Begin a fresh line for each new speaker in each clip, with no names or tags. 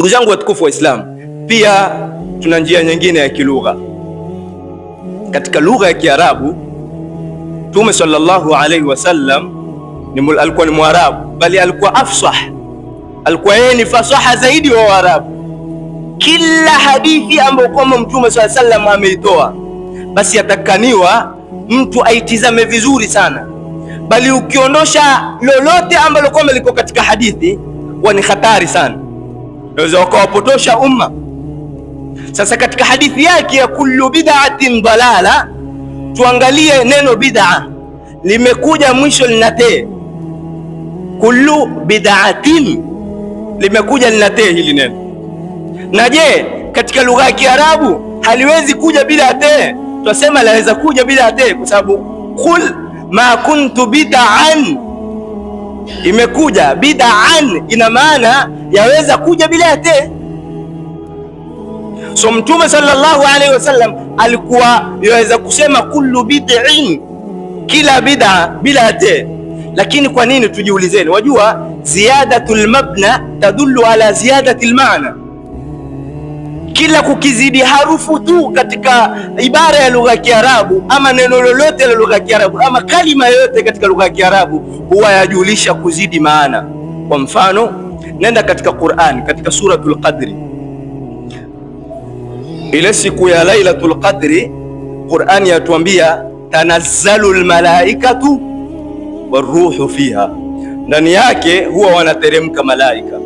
Ndugu zangu watukufu wa Islam, pia tuna njia nyingine ya kilugha. Katika lugha ya Kiarabu, Mtume sallallahu alaihi wasallam alikuwa ni Mwarabu, bali alikuwa afsah, alikuwa yeye ni fasaha zaidi wa Waarabu. Kila hadithi ambayo kwamba Mtume sallallahu alaihi wasallam ameitoa, basi atakaniwa mtu aitizame vizuri sana, bali ukiondosha lolote ambalo kwamba liko katika hadithi, huwa ni hatari sana naweza wakawapotosha umma. Sasa katika hadithi yake ya kullu bid'atin dalala, tuangalie neno bid'a limekuja mwisho linate. Kullu bid'atin limekuja linate hili neno, na je, katika lugha ya Kiarabu haliwezi kuja bila te? Twasema laweza kuja bila te, kwa sababu kul ma kuntu bid'an imekuja bid'an, ina maana yaweza kuja bila ya te. So Mtume sallallahu alaihi wasallam alikuwa yaweza kusema kullu bid'in, kila bid'a bila ya te. Lakini kwa nini? Tujiulizeni. Wajua, ziyadatul mabna tadullu ala ziyadatil maana kila kukizidi harufu tu katika ibara ya lugha ya Kiarabu ama neno lolote la lugha ya Kiarabu ama kalima yoyote katika lugha ya Kiarabu huwa yajulisha kuzidi maana. Kwa mfano, nenda katika Qur'an, katika suratul Qadri, ile siku ya Lailatul Qadri, Qur'an yatuambia tanazzalul malaikatu waruhu fiha, ndani yake huwa wanateremka malaika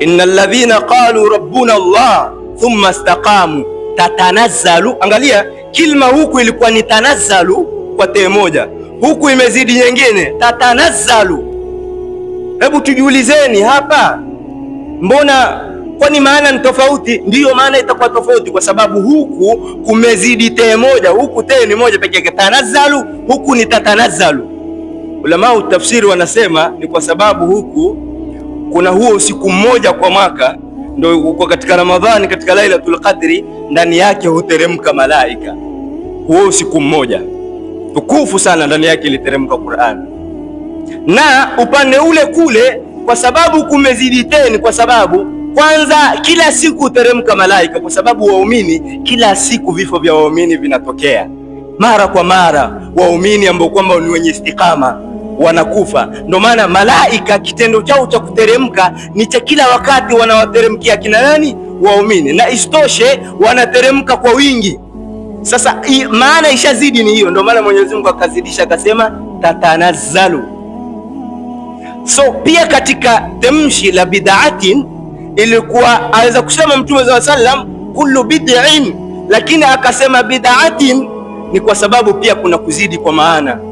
inna ladhina qalu rabbuna Allah thumma istaqamu tatanazzalu. Angalia kilma huku ilikuwa ni tanazzalu kwa te moja, huku imezidi nyingine tatanazzalu. Hebu tujiulizeni hapa, mbona kwani maana ni tofauti? Ndiyo maana itakuwa tofauti, kwa sababu huku kumezidi te moja, huku te ni moja pekee yake, tanazzalu, huku ni tatanazzalu. Ulama tafsiri wanasema ni kwa sababu huku kuna huo usiku mmoja kwa mwaka ndio uko katika Ramadhani, katika Lailatul Qadri, ndani yake huteremka malaika. Huo usiku mmoja tukufu sana, ndani yake iliteremka Qur'an. Na upande ule kule, kwa sababu kumezidi teni, kwa sababu kwanza kila siku huteremka malaika, kwa sababu waumini, kila siku vifo vya waumini vinatokea mara kwa mara, waumini ambao kwamba ni wenye istikama wanakufa. Ndio maana malaika kitendo chao cha kuteremka ni cha kila wakati, wanawateremkia kina nani? Waumini, na isitoshe wanateremka kwa wingi. Sasa maana ishazidi ni hiyo, ndio maana Mwenyezi Mungu akazidisha akasema tatanazzalu. So pia katika temshi la bid'atin ilikuwa aweza kusema Mtume wa sallam kullu bid'in, lakini akasema bid'atin ni kwa sababu pia kuna kuzidi kwa maana